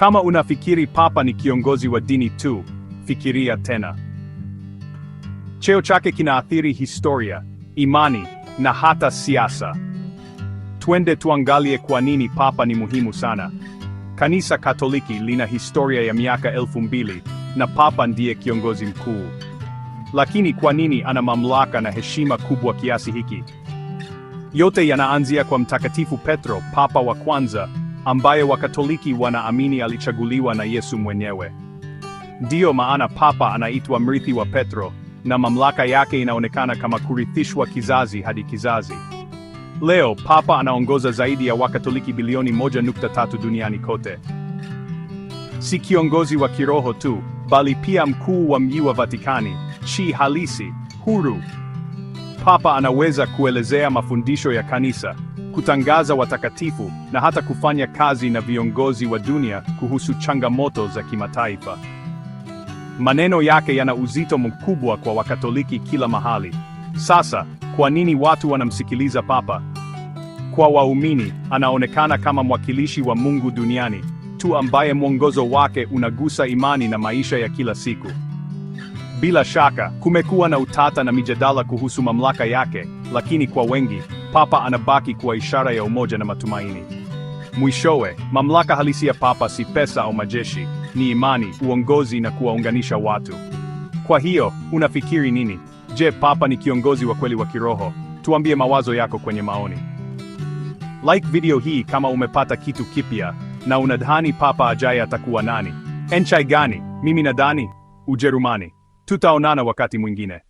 Kama unafikiri papa ni kiongozi wa dini tu, fikiria tena. Cheo chake kinaathiri historia, imani na hata siasa. Twende tuangalie kwa nini papa ni muhimu sana. Kanisa Katoliki lina historia ya miaka elfu mbili na papa ndiye kiongozi mkuu. Lakini kwa nini ana mamlaka na heshima kubwa kiasi hiki? Yote yanaanzia kwa Mtakatifu Petro, papa wa kwanza ambaye Wakatoliki wanaamini alichaguliwa na Yesu mwenyewe. Ndiyo maana Papa anaitwa mrithi wa Petro na mamlaka yake inaonekana kama kurithishwa kizazi hadi kizazi. Leo Papa anaongoza zaidi ya Wakatoliki bilioni 1.3 duniani kote. Si kiongozi wa kiroho tu, bali pia mkuu wa mji wa Vatikani, chi halisi, huru. Papa anaweza kuelezea mafundisho ya kanisa kutangaza watakatifu na hata kufanya kazi na viongozi wa dunia kuhusu changamoto za kimataifa. Maneno yake yana uzito mkubwa kwa Wakatoliki kila mahali. Sasa, kwa nini watu wanamsikiliza Papa? Kwa waumini, anaonekana kama mwakilishi wa Mungu duniani tu ambaye mwongozo wake unagusa imani na maisha ya kila siku. Bila shaka, kumekuwa na utata na mijadala kuhusu mamlaka yake, lakini kwa wengi Papa anabaki kuwa ishara ya umoja na matumaini. Mwishowe, mamlaka halisi ya Papa si pesa au majeshi, ni imani, uongozi na kuwaunganisha watu. Kwa hiyo, unafikiri nini? Je, Papa ni kiongozi wa kweli wa kiroho? Tuambie mawazo yako kwenye maoni. Like video hii kama umepata kitu kipya na unadhani Papa ajaye atakuwa nani? Enchai gani? Mimi nadhani Ujerumani. Tutaonana wakati mwingine.